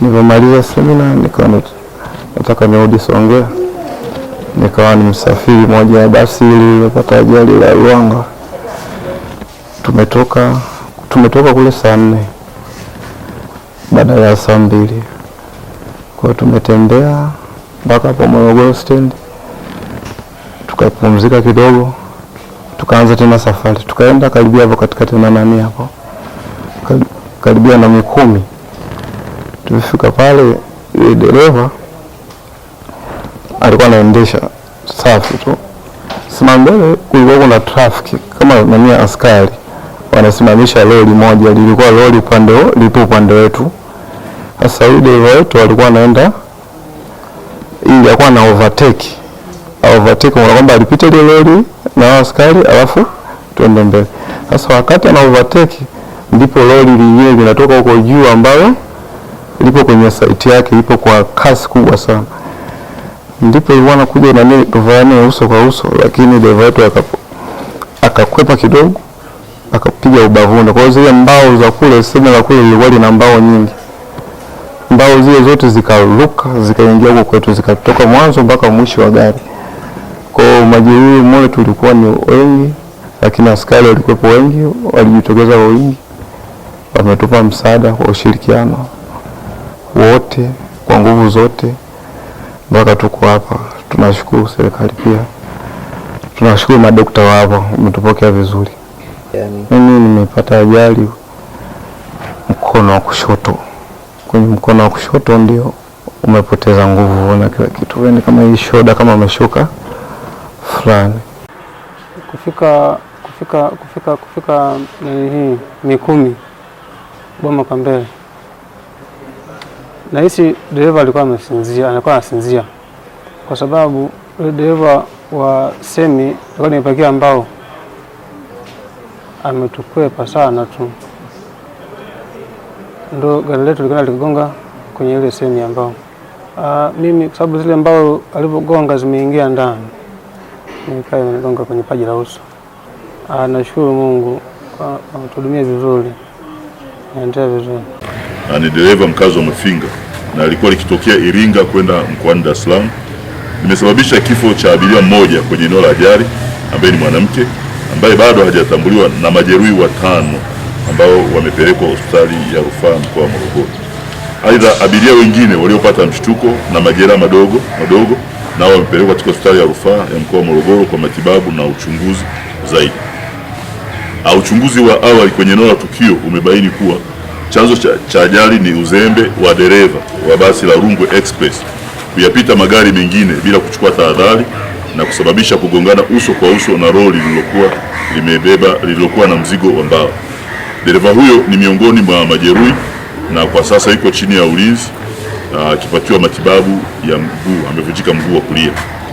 Nilipomaliza semina nikawa nataka nirudi Songea, nikawa ni msafiri moja ya basi iliyopata ajali la Ruanga. Tumetoka tumetoka kule saa nne badala ya saa mbili kwa tumetembea mpaka hapo Morogoro stand, tukapumzika kidogo, tukaanza tena safari, tukaenda karibia hapo katikati na nani hapo karibia na Mikumi Tulifika pale, yule dereva alikuwa anaendesha safi tu, sima mbele kulikuwa kuna trafiki kama nania askari wanasimamisha lori moja, lilikuwa lori upande lipo upande wetu. Sasa yule dereva wetu alikuwa anaenda ili akuwa na overtake overtake, kwa kwamba alipita ile lori na askari alafu tuende mbele. Sasa wakati ana overtake ndipo lori lingine linatoka huko juu ambayo ilipo kwenye saiti yake, ipo kwa kasi kubwa sana. Ndipo wanakuja na nini tuvaane uso kwa uso, lakini dereva wetu akakwepa kidogo, akapiga ubavuni. Kwa hiyo zile mbao za kule, sema za kule lilikuwa lina mbao nyingi, mbao zile zote zikaruka zikaingia huko kwetu, zikatoka mwanzo mpaka mwisho wa gari. Kwa hiyo majeruhi mmoja tulikuwa ni wengi, lakini askari walikuwepo wengi, walijitokeza kwa wingi, wametupa msaada kwa ushirikiano wote kwa nguvu zote mpaka tuko hapa. Tunashukuru serikali pia, tunashukuru madokta wa umetupokea vizuri. Mimi nimepata ajali mkono wa kushoto, kwenye mkono wa kushoto ndio umepoteza nguvu na kila kitu, yani kama hii shoda kama ameshuka fulani. Kufika kufika kufika kufika eh, hii Mikumi Boma kwa mbele na hisi dereva alikuwa amesinzia, anakuwa anasinzia kwa sababu dereva wa semi alikuwa nimepakia mbao, ametukwepa sana tu, ndo gari letu likana likigonga kwenye ile semi ya mbao. Ah, mimi kwa sababu zile mbao alivyogonga zimeingia ndani, nikaa imegonga kwenye paji la uso. Ah, nashukuru Mungu ametudumia vizuri, naendelea vizuri na ni dereva mkazi wa Mafinga na alikuwa likitokea Iringa kwenda mkoani Dar es Salaam, limesababisha kifo cha abiria mmoja kwenye eneo la ajali ambaye ni mwanamke ambaye bado hajatambuliwa na majeruhi watano ambao wamepelekwa hospitali ya rufaa mkoa wa Morogoro. Aidha, abiria wengine waliopata mshtuko na majeraha madogo madogo nao wamepelekwa katika hospitali ya rufaa ya mkoa wa Morogoro kwa matibabu na uchunguzi zaidi. Uchunguzi wa awali kwenye eneo la tukio umebaini kuwa Chanzo cha ajali ni uzembe wa dereva wa basi la Rungwe Express kuyapita magari mengine bila kuchukua tahadhari na kusababisha kugongana uso kwa uso na lori lililokuwa limebeba lililokuwa na mzigo wa mbao. Dereva huyo ni miongoni mwa majeruhi na kwa sasa yuko chini ya ulinzi akipatiwa matibabu ya mguu, amevunjika mguu wa kulia.